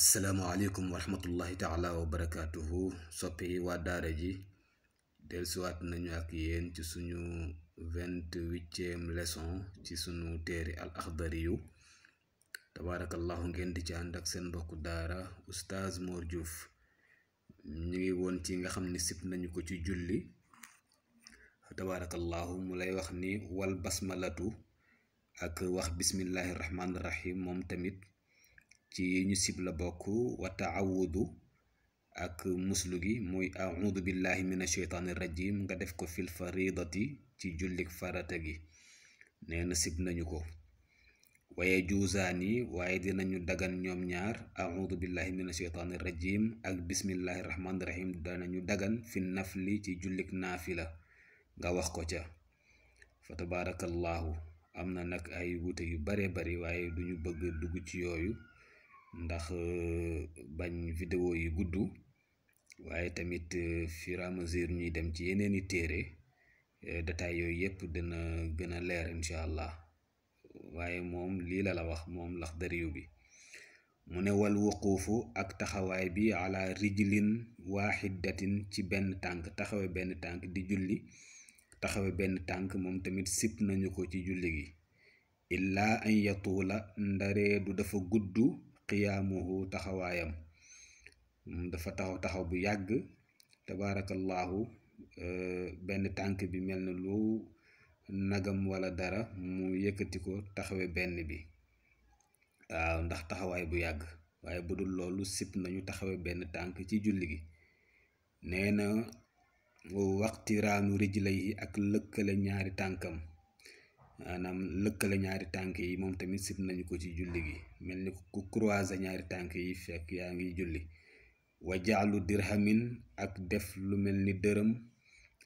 asalaamaaleykum wa rahmatullahi taala wa barakaatuhu soppi waa daara ji dellusiwaat nañu ak yéen ci suñu vingt-huitième leçon ci suñu téere al axdari yu tabaarakallahu ngeen di ci ànd ak seen mbokku daara oustaz Mor Diouf ngi woon ci nga xam ni sit nañu ko ci julli tabaarakallahu mu lay wax ni wal basmalatu ak wax bismillahi rahmaani moom tamit ci ñu sib la bokk wa taawudu ak muslu gi muy audu billahi min asheytaani rajim nga def ko fil faridati ci jullik farata gi nee na nañu ko waaye juusaani waaye ñu dagan ñoom ñaar audu billahi min asheytaani rajim ak bismillahi rahmaani rahim danañu dagan fi nafli ci jullik naafila nga wax ko ca fa tabaarakallaahu am na nag ay wute yu bare bari waaye duñu bëgg dugg ci yooyu ndax euh, bañ vidéo yi gudd waaye tamit euh, fur et ñuy dem ci yeneen i téere euh, détails yooyu yëpp dina gën a leer incha allah waaye moom lii la la wax moom lax Laxdariyu bi mu ne wal wuquufu ak taxawaay bi ala rijlin waaxidatin ci benn tànk taxawe benn tànk di julli taxawe benn tànk moom tamit sip nañu ko ci julli gi illaa an yatuula ndaree du dafa gudd qiyaamuhu taxawaayam mm, dafa taxaw taxaw bu yàgg tabaarakallaahu eh, benn tànk bi mel na lu nagam wala dara mu yëkkati ko taxawe benn bi waaw ndax taxawaay bu yàgg waaye bu dul loolu sip nañu taxawe benn tànk ci julli gi nee na waxti raanu rijlay yi ak lëkkale ñaari tànkam maanaam lëkkale ñaari tànk yi moom tamit sib nañu ko ci julli gi mel ni ku croiser ñaari tànk yi fekk yaa ngiy julli wa jaalu dirhamin ak def lu mel ni dërëm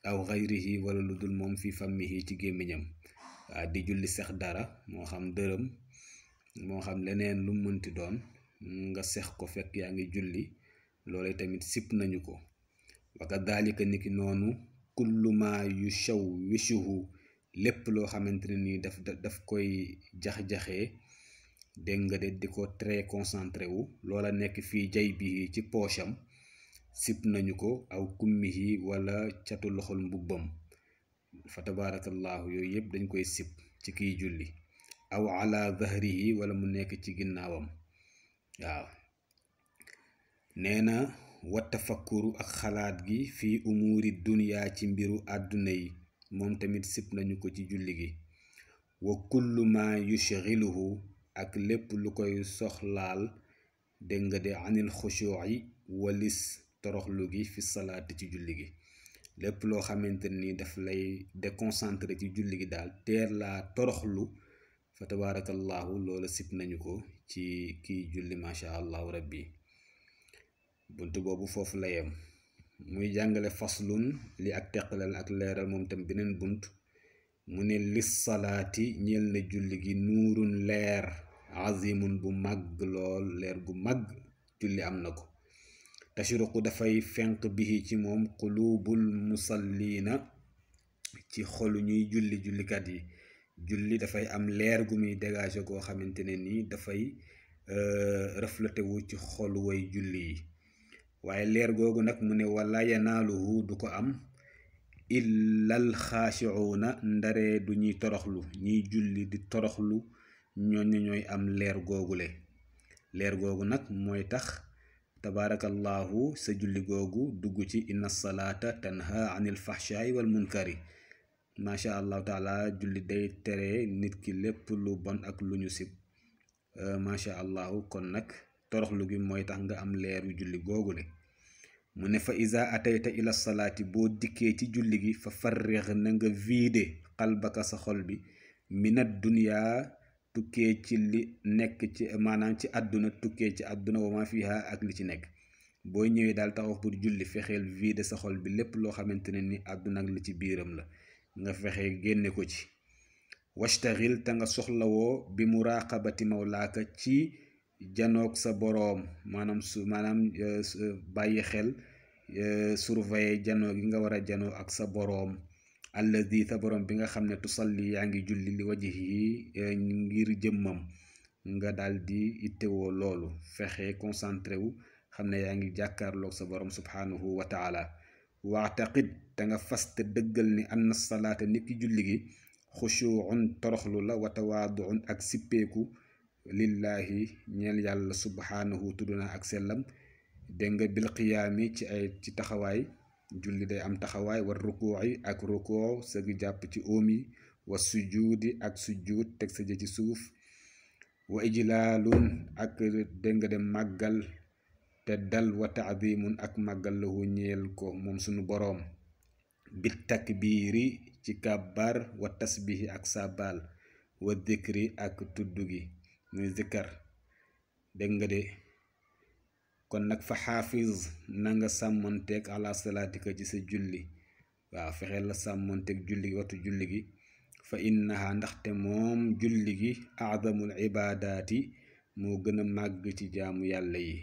aw xayrihi wala lu dul moom fi yi ci gémmiñam waa di julli sex dara moo xam dërëm moo xam leneen lu mënti doon nga sex ko fekk yaa ngi julli loole tamit sipp nañu ko wa kadalika niki noonu kullu ma yushawwishuhu lépp loo xamante ne nii daf daf koy jax-jaxee dégg nga de di ko très concentré wu loola nekk fii jay bi ci poosam sib nañu ko aw kummi yi wala catu loxol mbubbam fa tabaarakallaahu yooyu yëpp dañ koy sib ci kiy julli aw ala zahrihi wala mu nekk ci ginnaawam waaw nee na tafakkuru ak xalaat gi fii umuuri duniyaa ci mbiru àdduna yi moom tamit sib nañu ko ci julli gi wa kullu ma yushghiluhu ak lépp lu koy soxlaal dégg nga de anil xushuuci walis toroxlu gi fi salaati ci julli gi lépp loo xamante ni daf lay déconcentré ci julli gi daal teer la toroxlu fa tabaarakallaahu loola sib nañu ko ci kii julli macha allahu rabbi bunt boobu foofu la yem muy jàngale faslun li ak teqalal ak leeral moom tam beneen bunt mu ne lis salaati ñeel na julli gi nuurun leer azimun bu màgg lool leer gu mag julli am na ko tashruqu dafay fenq bihi ci moom qulubul musalliina ci xolu ñuy julli jullikat yi julli dafay am leer gu muy dégagé goo xamante ne nii dafay euh, reflété wu ci xolu way julli yi waaye leer googu nag mu ne wala yanaaluhu du ko am illal na ndare du ñuy toroxlu ñiy julli di toroxlu ñooñu ñooy am leer googule leer googu nag mooy tax tabaarakallaahu sa julli googu dugg ci inna salaata tanha anil fahshaai wal munkari macha allahu taala julli day tere nit ki lépp lu bon ak lu ñu sib macha allahu kon nag toroxlu gi mooy tax nga am leeru julli googu googule mu ne fa iza atayta ila salaati boo dikkee ci julli gi fa farreex na nga viide xalbaka sa xol bi minat dunya tukkee ci li nekk ci maanaam ci àdduna tukkee ci àdduna wa ma fiha ak li ci nekk boo ñëwee daal taxaw pour julli fexeel viide sa xol bi lépp loo xamante ne ni àdduna ak li ci biiram la nga fexe génne ko ci washtaxil te nga soxlawoo bi muraqabati mawlaaka ci janook sa boroom maanaam su maanaam eh, bàyyi xel eh, surveiller janoo gi nga war a janoo ak sa boroom alladi sa boroom bi nga xam ne tusalli yaa ngi julli li wajih yi eh, ngir jëmmam nga daal di ittewoo loolu fexe concentré wu xam ne yaa ngi jàkkaarlook sa boroom subhaanahu wa taala waataqid te fas te dëggal ni ann salaata nit ki julli gi xushuun toroxlu la wa tawaaduun ak sippeeku lillaahi ñeel yàlla subhaanahu tudd na ak sellam dégg nga bil qiyaami ci ay ci taxawaay julli day am taxawaay war rukuuci ak rukuu sëgg jàpp ci oom yi wa sujuudi ak sujuud teg sa ci suuf wa ijlaalun ak dégg nga dem màggal te dal wa taadimun ak màggal lahu ñeel ko moom sunu boroom bit takbiiri ci kàbbar wa tasbihi ak saabal wa dikri ak tudd gi muy zikkar dégg nga de kon nag fa xaafiz na nga sàmmanteeg ala ci sa julli waaw fexeel la sàmmanteeg julli gi waxtu julli gi fa innaha ndaxte moom julli gi aadamul ibaadaati moo gën a màgg ci jaamu yàlla yi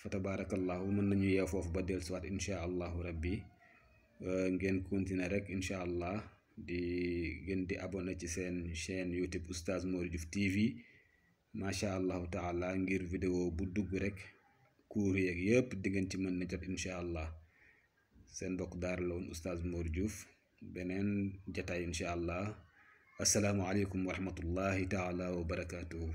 fa tabarakallahu mën nañu yeew foofu ba del suwaat inchaa allahu rabbi euh, ngeen continuer rek inchaa allah di ngeen di abonné ci seen chaîne youtube oustaz Mor Diouf TV macha allahu taala ngir vidéo bu dugg rek kuur yeeg yëpp di ngeen ci mën na jot incha allah seen bokk daara la woon oustaz Mor Diouf beneen jataay incha allah asalaamualeykum wa rahmatullahi taala wa barakaatuhu